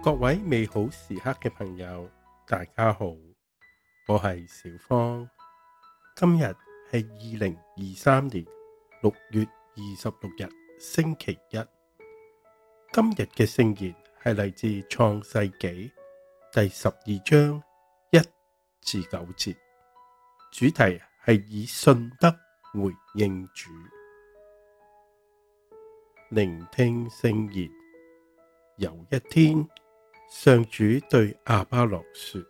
各位美好時刻嘅朋友，大家好，我係小芳。今日係二零二三年六月二十六日，星期一。今日嘅聖言係嚟自創世紀第十二章一至九節，主題係以信德回應主。聆聽聖言，有一天。上主對亞巴郎說：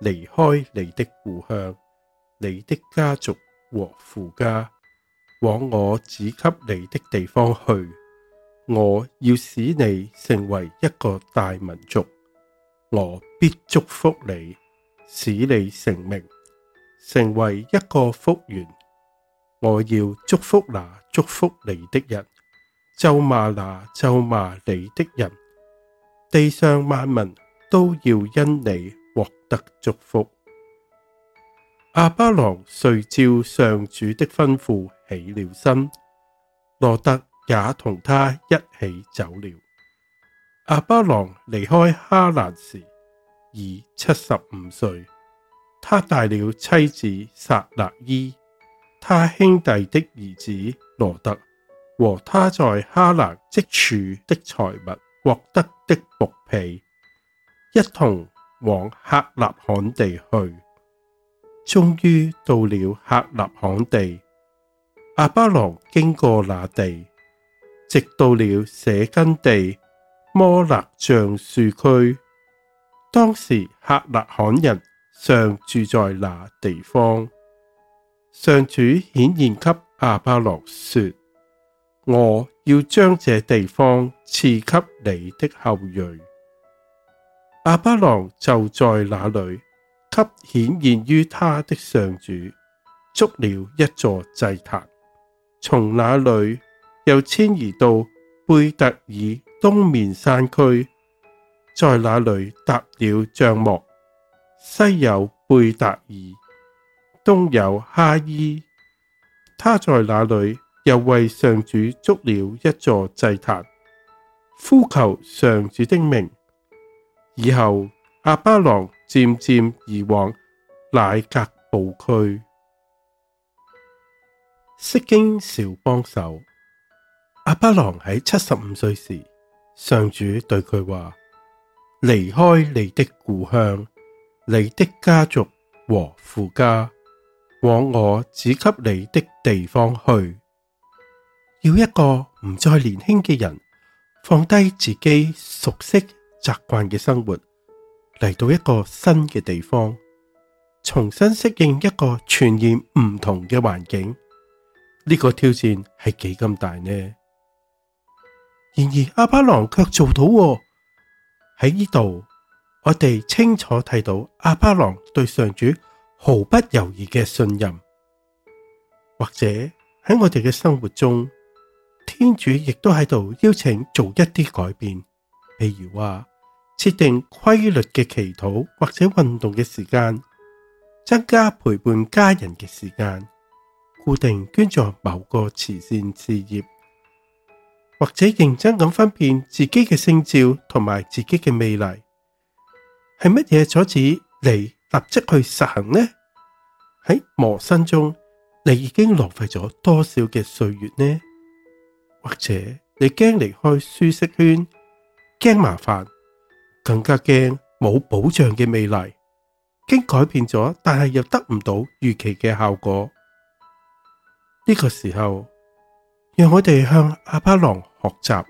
離開你的故鄉、你的家族和父家，往我指給你的地方去。我要使你成為一個大民族，我必祝福你，使你成名，成為一個福源。我要祝福那祝福你的人，咒罵那咒罵你的人。地上萬民都要因你獲得祝福。亞巴郎遂照上主的吩咐起了身，羅特也同他一起走了。亞巴郎離開哈蘭時已七十五歲，他帶了妻子撒辣依，他兄弟的兒子羅特和他在哈蘭積蓄的財物。獲得的僕婢，一同往客納罕地去。終於到了客納罕地，亞巴郎經過那地，直到了舍根地摩勒橡樹區。當時客納罕人尚住在那地方，上主顯現給亞巴郎說。我要將這地方賜給你的後裔。亞巴郎就在那裡，給顯現於他的上主築了一座祭壇，從那裡又遷移到貝特耳東面山區，在那裡搭了帳幕，西有貝特耳，東有哈依，他在那裡。又為上主築了一座祭壇，呼求上主的名。以後，亞巴郎漸漸移往乃革布區。釋經小幫手。亞巴郎喺七十五歲時，上主對佢話：離開你的故鄉、你的家族和父家，往我指給你的地方去。要一個唔再年輕嘅人，放低自己熟悉習慣嘅生活，嚟到一個新嘅地方，重新適應一個全然唔同嘅環境，呢、這個挑戰係幾咁大呢？然而阿巴郎卻做到喎、哦。喺呢度，我哋清楚睇到阿巴郎對上主毫不猶豫嘅信任，或者喺我哋嘅生活中。天主亦都喺度邀請做一啲改變，譬如話設定規律嘅祈禱或者運動嘅時間，增加陪伴家人嘅時間，固定捐助某個慈善事業，或者認真咁分辨自己嘅聖召同埋自己嘅未來，係乜嘢阻止你立即去實行呢？喺磨蹭中，你已經浪費咗多少嘅歲月呢？或者你驚離開舒適圈，驚麻煩，更加驚冇保障嘅未來，驚改變咗，但係又得唔到預期嘅效果。呢個時候，讓我哋向阿巴郎學習，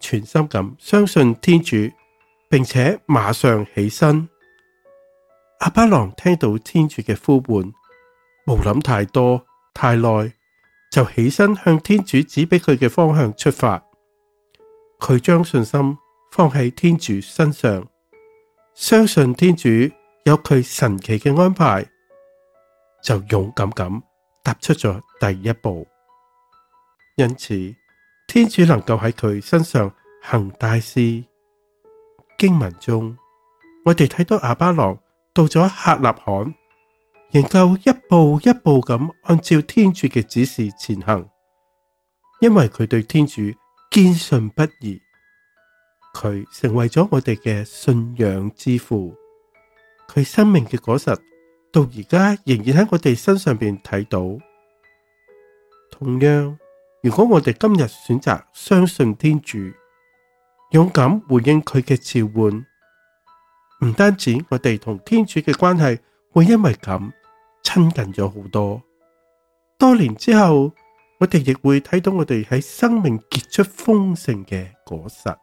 全心咁相信天主，並且馬上起身。阿巴郎聽到天主嘅呼喚，冇諗太多，太耐。就起身向天主指俾佢嘅方向出發，佢將信心放喺天主身上，相信天主有佢神奇嘅安排，就勇敢咁踏出咗第一步。因此，天主能夠喺佢身上行大事。經文中，我哋睇到亞巴郎到咗客納罕。仍舊一步一步咁按照天主嘅指示前行，因為佢對天主堅信不疑，佢成為咗我哋嘅信仰之父，佢生命嘅果實到而家仍然喺我哋身上邊睇到。同樣，如果我哋今日選擇相信天主，勇敢回應佢嘅召喚，唔單止我哋同天主嘅關係會因為咁。親近咗好多，多年之後，我哋亦會睇到我哋喺生命結出豐盛嘅果實，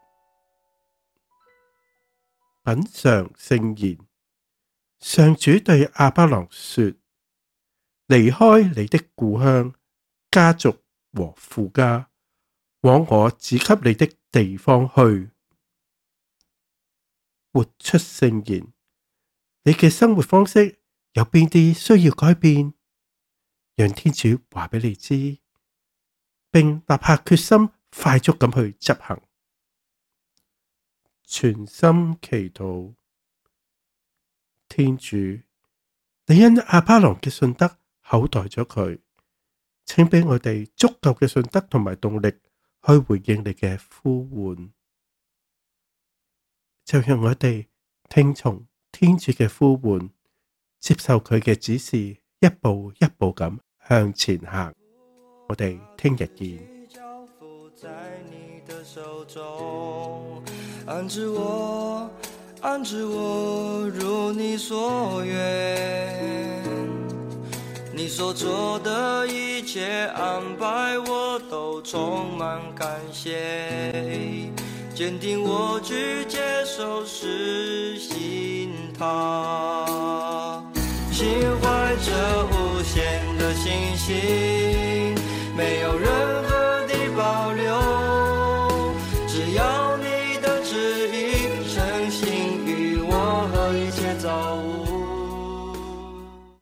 品嘗聖言。上主對亞巴郎說：離開你的故鄉、家族和父家，往我指給你的地方去，活出聖言。你嘅生活方式。有邊啲需要改變？讓天主話俾你知，並立下決心，快速咁去執行。全心祈禱，天主，你因阿巴郎嘅信德厚待咗佢，請俾我哋足夠嘅信德同埋動力去回應你嘅呼喚，就讓我哋聽從天主嘅呼喚，接受佢嘅指示，一步一步咁向前行。我哋聽日見。我的心懷着無限的信心。